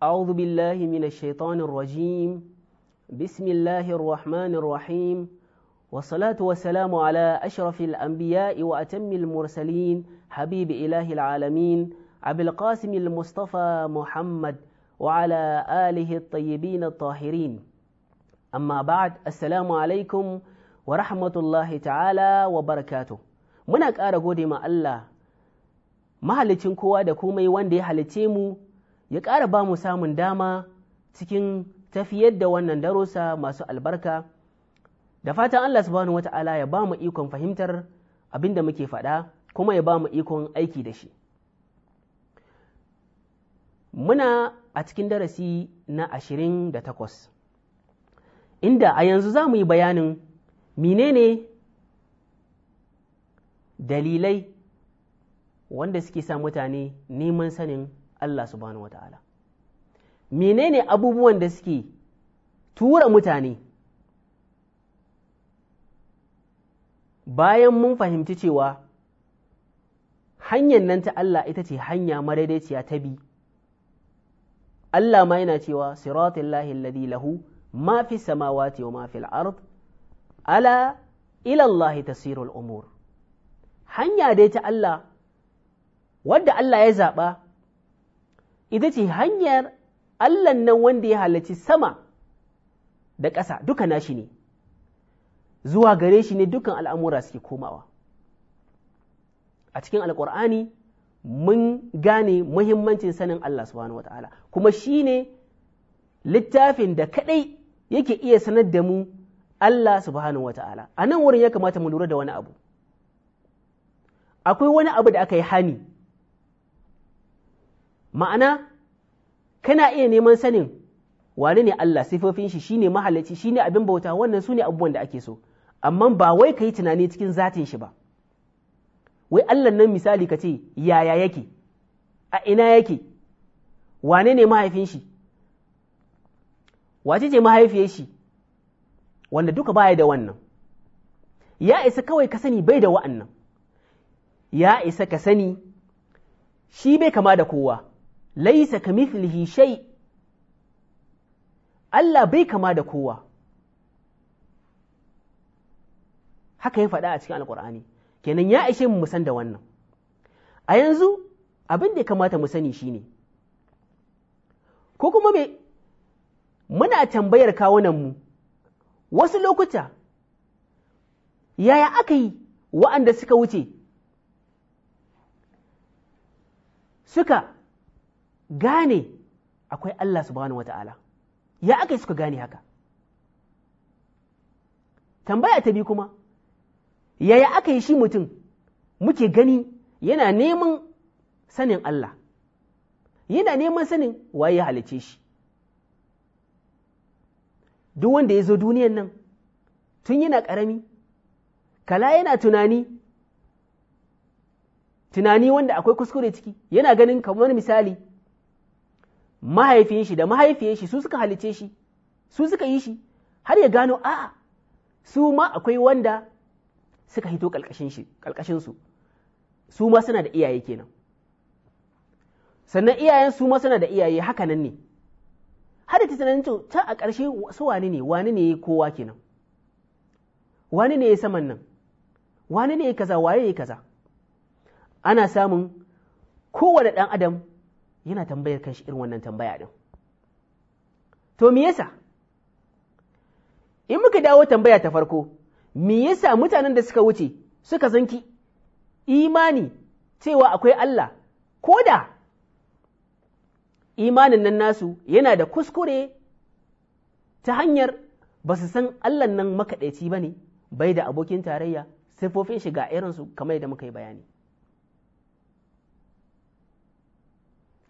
أعوذ بالله من الشيطان الرجيم بسم الله الرحمن الرحيم والصلاة والسلام على أشرف الأنبياء وأتم المرسلين حبيب إله العالمين أبي القاسم المصطفى محمد وعلى آله الطيبين الطاهرين أما بعد السلام عليكم wa rahmatullahi ta'ala wa barakatu muna ƙara gode ma Allah mahalicin kowa da komai wanda ya halice mu ya ƙara ba mu samun dama cikin tafiyar da wannan darosa masu albarka da fatan Allah subhanahu wata'ala ya ba mu ikon fahimtar abin da muke faɗa kuma ya ba mu ikon aiki da shi muna a cikin darasi na ashirin da takwas inda a yanzu za mu yi bayanin menene dalilai wanda suke sa mutane neman sanin Allah subhanahu wata'ala menene abubuwan da suke tura mutane bayan mun fahimci cewa hanyar nan ta Allah ita ce hanya madaidaiciya ta bi Allah ma yana cewa siratun lahi lahu ma fi samawati wa ma fil ard ala ilallahi tasirul umur hanya dai ta Allah wadda Allah ya zaɓa ita ce hanyar allah nan wanda ya halarci sama da ƙasa duka nashi ne, zuwa gare shi ne dukan al'amura suke komawa. A cikin alƙur'ani mun gane muhimmancin sanin Allah subhanahu wa ta'ala, kuma shi ne littafin da kaɗai yake iya sanar da mu Allah subhanahu wa ta'ala. A nan wurin ya kamata mu lura da wani abu. Akwai wani abu da aka yi hani ma'ana kana iya neman sanin wane ne Allah sifofin shi shine mahallaci shine abin bauta wannan su ne abubuwan da ake so amma ba wai ka yi tunani cikin zatin shi ba wai Allah nan misali kace yaya yake a ina yake wane ne mahaifin shi wace ce mahaifiyar shi wanda duka baya da wannan ya isa kawai ka sani bai da wa'annan ya isa ka sani shi bai kama da kowa laisa ka mithlihi shai. Allah bai kama da kowa haka ya faɗa a cikin alkur'ani kenan ya ishe mu san da wannan a yanzu abin da ya kamata mu sani shi ne. ko kuma me muna tambayar kawunan mu? wasu lokuta yaya aka yi wa'anda suka wuce suka gane akwai Allah subhanahu wata'ala ya aka suka gane haka tambaya ta bi kuma yaya aka yi shi mutum muke gani yana neman sanin Allah yana neman sanin waye ya halice shi duk wanda ya zo duniyan nan tun yana karami kala yana tunani tunani wanda akwai kuskure ciki yana ganin kamar misali mahaifin shi da mahaifiyar shi su suka halice shi su suka yi shi har ya gano a su ma akwai wanda suka hito ƙalƙashin su su ma suna da iyaye kenan sannan iyayen su ma suna da iyaye haka nan ne har ta tunanin to ta a ƙarshe su wani ne wani ne kowa kenan wani ne ya saman nan wani ne ya kaza waye ya kaza ana samun kowane ɗan adam yana tambayar kanshi irin wannan tambaya din to me yasa in muka dawo tambaya ta farko me yasa mutanen da suka wuce suka zanki imani cewa akwai Allah ko da imanin nan nasu yana da kuskure ta hanyar ba su san Allah nan makaɗaici ba ne bai da abokin tarayya siffofin shiga irinsu kamar da muka yi bayani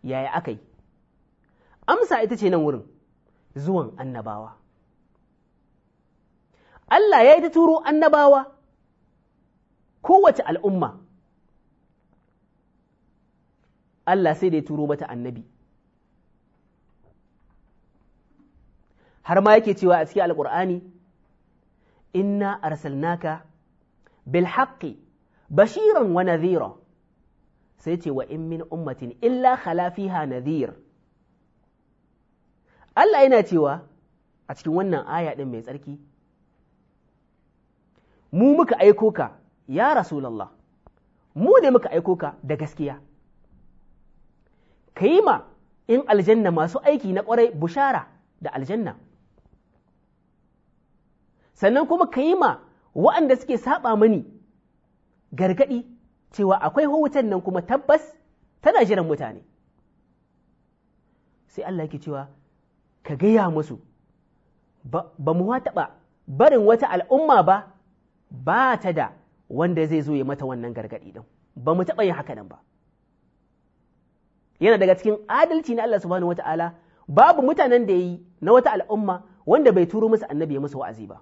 yaya aka yi amsa ita ce nan wurin zuwan annabawa Allah ya yi ta turo annabawa kowace al'umma Allah sai da ya turo mata annabi har ma yake cewa a cikin alƙur'ani inna arsalnaka bil haqqi bashiran wa nadhira sai ce wa in min ummatin illa khala fiha nadhir Allah yana cewa a cikin wannan aya din mai tsarki mu muka aiko ka ya rasulullah mu ne muka aiko ka da gaskiya ma in aljanna masu aiki na kwarai bushara da aljanna sannan kuma ma wa'anda suke saba mani gargadi cewa akwai hutun nan kuma tabbas tana jiran mutane sai Allah yake cewa ka gaya musu ba mu taɓa barin wata al'umma ba ba ta da wanda zai zo ya mata wannan gargaɗi ɗin ba mu taɓa yin haka nan ba yana daga cikin adalci na Allah subhanahu wata'ala babu mutanen da ya yi na wata al'umma wanda bai turo musu annabi ya musu wa'azi ba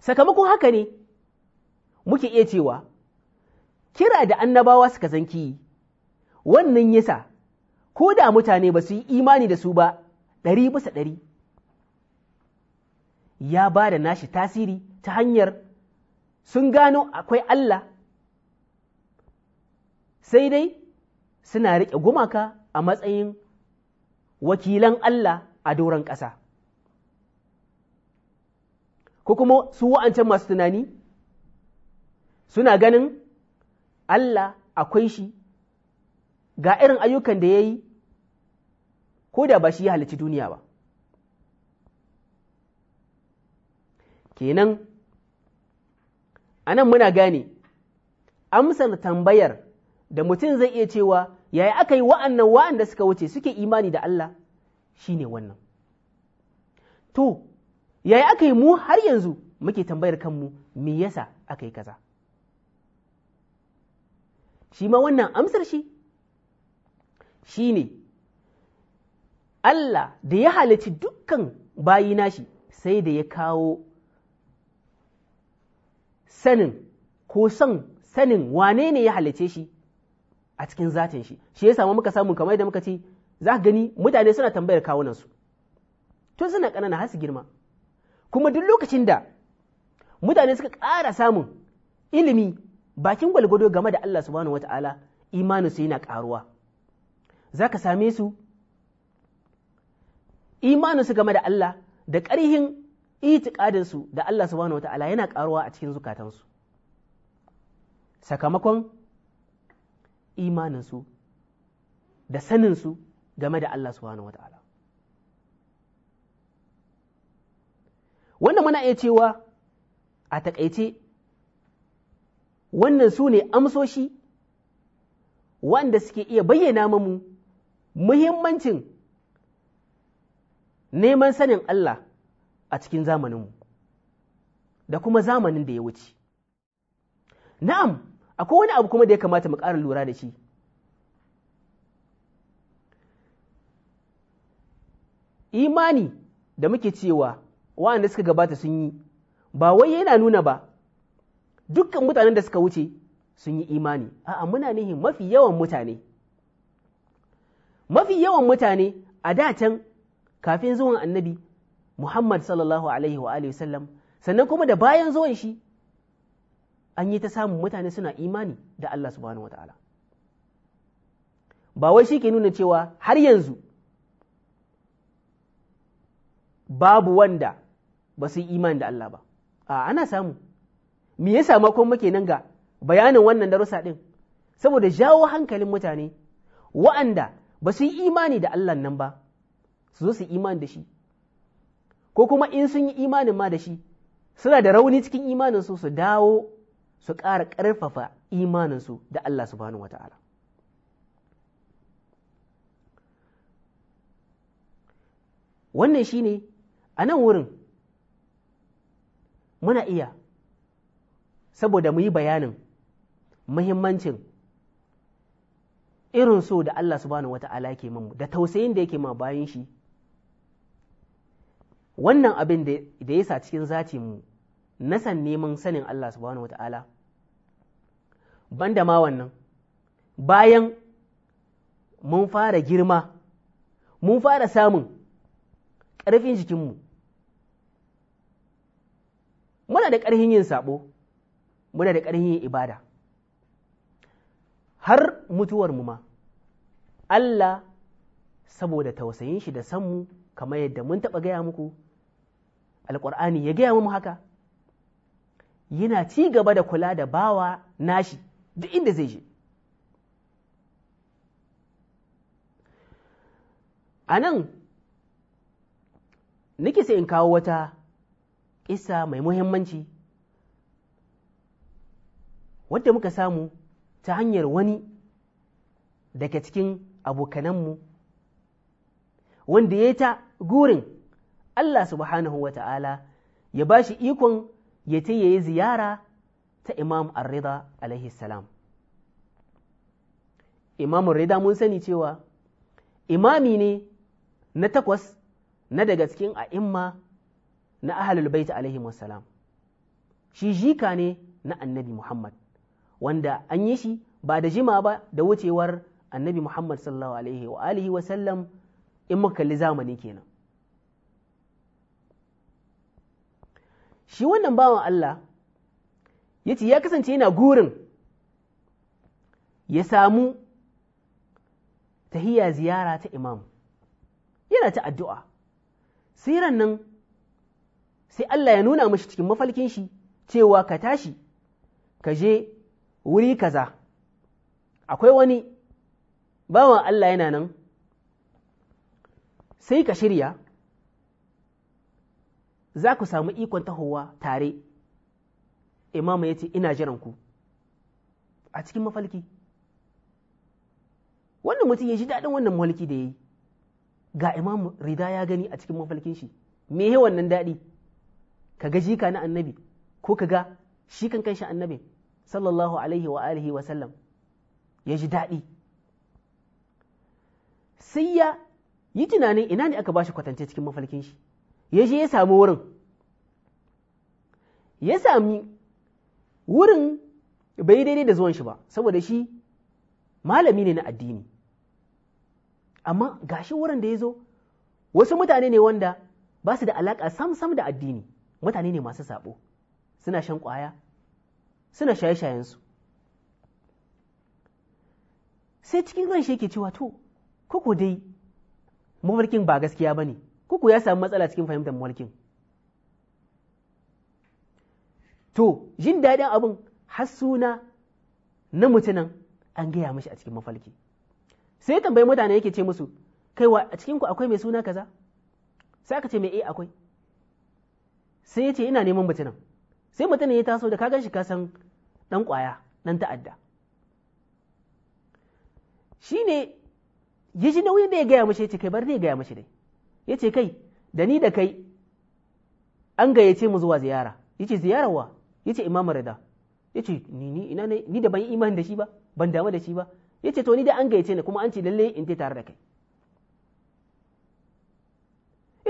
sakamakon haka ne muke iya cewa kira da annabawa suka zanki wannan yasa ko da mutane ba su yi imani da su ba ɗari bisa ɗari ya ba da nashi tasiri ta hanyar sun gano akwai Allah sai dai suna riƙe gumaka a matsayin wakilan Allah a doron ƙasa ko kuma su wa'ancan masu tunani suna ganin Allah akwai shi ga irin ayyukan da ya yi ko da ba shi ya halici duniya ba kenan a nan muna gane amsar tambayar da mutum zai iya cewa yaya aka yi wa'annan wa'anda suka wuce suke imani da Allah shi ne wannan to yaya aka yi mu har yanzu muke tambayar kanmu me yasa aka yi kaza shi ma wannan amsar shi shi ne Allah da ya halici dukkan bayi nashi sai da ya kawo sanin ko son sanin wane ne ya halice shi a cikin zatin shi shi ya samu muka samu kamar da muka ci za gani mutane suna tambayar kawunansu tun suna ƙanana har su girma kuma duk lokacin da mutane suka ƙara samun ilimi bakin gwalgwado game da Allah subhanahu wata'ala imaninsu yana ƙaruwa za ka same su imaninsu game da Allah da ƙarihin itiƙadinsu da Allah subhanahu wata'ala yana ƙaruwa a cikin zukatansu sakamakon imaninsu da saninsu game da Allah subhanahu wata'ala wannan muna iya cewa a taƙaice wannan su ne amsoshi wanda suke iya bayyana mamu muhimmancin neman sanin Allah a cikin zamaninmu da kuma zamanin da ya wuce. Na'am, akwai wani abu kuma da ya kamata mu ƙara lura da shi. Imani da muke cewa wa'anda suka gabata sun yi, ba wai yana nuna ba dukkan mutanen da suka wuce sun yi imani a'a muna nihin mafi yawan mutane mafi yawan mutane a da can kafin zuwan annabi Muhammad sallallahu alaihi wa sallam sannan kuma da bayan zuwan shi an yi ta samun mutane suna imani da Allah subhanahu wataala ba wai shi ke nuna cewa har yanzu babu wanda ba su yi imani da Allah ba a ana samu me yasa makon muke nan ga bayanin wannan darussa ɗin saboda jawo hankalin mutane wa'anda ba su yi imani da Allah nan ba su zo su imani da shi ko kuma in sun yi imanin ma da shi suna da rauni cikin imanin su su dawo su ƙara ƙarfafa imanin su da Allah subhanahu wata'ala wannan shine a nan wurin muna iya saboda mu yi bayanin muhimmancin irin so da Allah subhanahu wata'ala yake mamu da tausayin da yake ma bayan shi wannan abin da ya sa cikin zati mu na san neman sanin Allah subhanahu wata'ala banda ma wannan bayan mun fara girma mun fara samun ƙarfin jikinmu muna da ƙarfin yin saɓo muna da ƙarfin ibada har mutuwar mu ma Allah saboda tausayin shi da sanmu kamar yadda mun taɓa gaya muku alƙur'ani ya gaya mu haka yana ci gaba da kula da bawa nashi duk inda zai je a nan nake sai in kawo wata isa mai muhimmanci wadda muka samu ta hanyar wani daga cikin abokananmu wanda ya yi ta gurin Allah subhanahu wa ta'ala ya ba shi ikon ya ta yi ziyara ta Imam Ar-Rida alaihi salam. Imam Ar-Rida mun sani cewa imami ne na takwas na daga cikin a'imma na ahalul baita alaihi salam. Shi jika ne na annabi Muhammad wanda an yi shi ba da jima ba da wucewar annabi Muhammad sallallahu alaihi wa sallam in muka kalli zamani kenan shi wannan bawan Allah ya ya kasance yana gurin ya samu tahiya ziyara ta imam yana ta addu'a siran nan sai Allah ya nuna mashi cikin mafalkin shi cewa ka tashi ka je wuri kaza akwai wani bawan Allah yana nan sai ka shirya za ku samu ikon tahowa tare imamu ya ce ina jiran ku a cikin mafalki wannan mutum ya ji daɗin wannan mafalki da ya yi ga imamu rida ya gani a cikin mafalkin shi me wannan daɗi ka ga jika na annabi ko ka ga shi kan shi annabin sallallahu alaihi wa alihi wa sallam ya ji daɗi sai ya yi tunanin ina ne aka ba bashi kwatance cikin mafalkin shi ya je ya samu wurin ya sami wurin bai daidai da zuwan shi ba saboda shi malami ne na addini amma ga shi wurin da ya zo wasu mutane ne wanda ba su da alaƙa sam-sam da addini mutane ne masu sabo suna shan kwaya. suna shaye shayen su. sai cikin ran shi yake cewa to kuku dai mafarkin ba gaskiya ba ne kuku ya samu matsala cikin fahimtar mafarkin to jin daɗin abun har suna na mutunan an gaya mashi a cikin mafalki. sai tambayi mutane yake ce musu kaiwa a cikinku akwai mai suna kaza sai aka ce mai eh akwai sai ya ce ina neman mutunan sai mutum ya taso da ka gan shi san ɗan ƙwaya ɗan ta'adda shi ne ya ji nauyin da ya gaya mashi ya ce kai bar ne ya gaya mashi dai ya ce kai da ni da kai an gayyace mu zuwa ziyara ya ce ziyararwa ya ce imamu rida ya ce ni da ban yi imani da shi ba ban damu da shi ba ya ce to ni da an gayyace ni kuma an ce lalle in tare da kai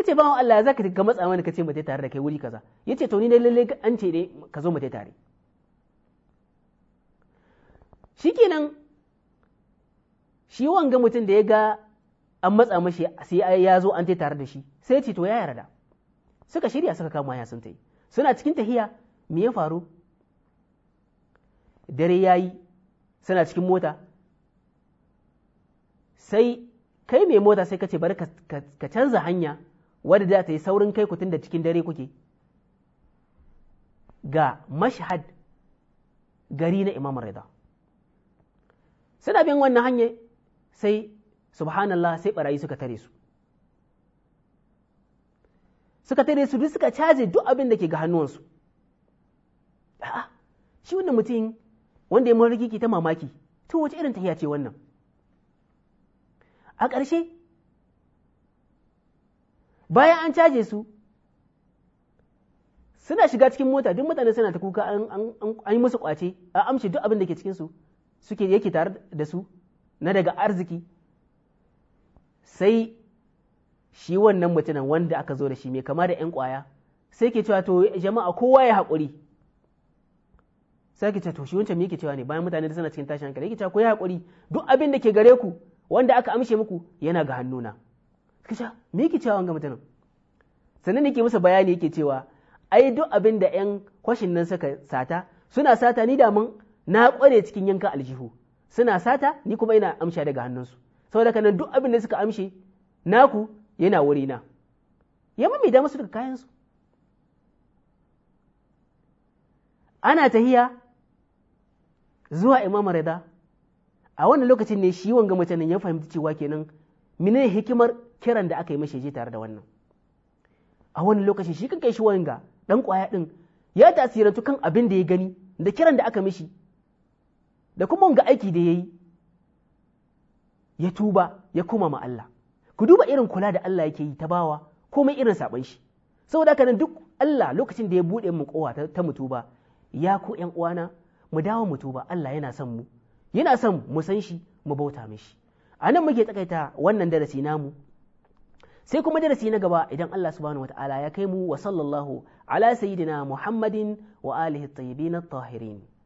yace bawan Allah ya ka ga matsa mana ce mu tai tare da kai wuri kaza Ya to ni dai lalle an ce dai ka zo mu tai tare shikenan shi wanga mutum da ya ga an matsa mashi sai ya zo an tai tare da shi sai ya ce to ya yarda suka shirya suka kama ya sun tai suna cikin tahiya me ya faru dare yayi suna cikin mota sai kai mai mota sai ka ce bari ka canza hanya wadda da ta yi saurin kai kutun da cikin dare kuke ga mashahad gari na imam rida suna bin wannan hanyar sai subhanallah sai barayi suka tare su suka tare su duk suka caje duk abin da ke ga hannuwansu a'a shi wannan mutum wanda ya mun rikiki ta mamaki to wace irin tahiya ce wannan a ƙarshe bayan an caje su suna shiga cikin mota duk mutane suna ta kuka an yi musu kwace a amshi duk abin da ke cikinsu suke yake tare da su na daga arziki sai shi wannan mutumin wanda aka zo da shi mai kama da 'yan kwaya sai ke cewa to jama'a kowa ya haƙuri sai ke cewa to shi wancan me yake cewa ne bayan mutane da suna cikin tashin hankali yake cewa ko ya haƙuri duk abin da ke gare ku wanda aka amshe muku yana ga hannuna kisa me yake cewa wanga mutanen sannan yake musu bayani yake cewa ai duk abin da ƴan kwashin nan suka sata suna sata ni da mun na kware cikin yanka aljihu suna sata ni kuma ina amsha daga hannunsu saboda kanan duk abin da suka amshe naku yana wuri na yamma mai da musu daga kayan ana tahiya zuwa imam rida a wannan lokacin ne shi wanga mutanen ya fahimci cewa kenan menene hikimar kiran da aka yi mashi je tare da wannan a wani lokaci shi kan kai shi wanga dan kwaya din ya tasirantu kan abin da ya gani da kiran da aka mishi da kuma wanga aiki da ya yi ya tuba ya kuma ma Allah ku duba irin kula da Allah yake yi ta bawa komai irin saban shi saboda haka nan duk Allah lokacin da ya buɗe mu kowa ta mu tuba ya ku 'yan uwana mu dawo mu tuba Allah yana son mu yana son mu san shi mu bauta mishi anan muke takaita wannan darasi namu sai kuma darasi na gaba idan Allah subhanahu wataala ya kai mu wa sallallahu ala sayyidina Muhammadin wa alihi at-tayyibin at-tahirin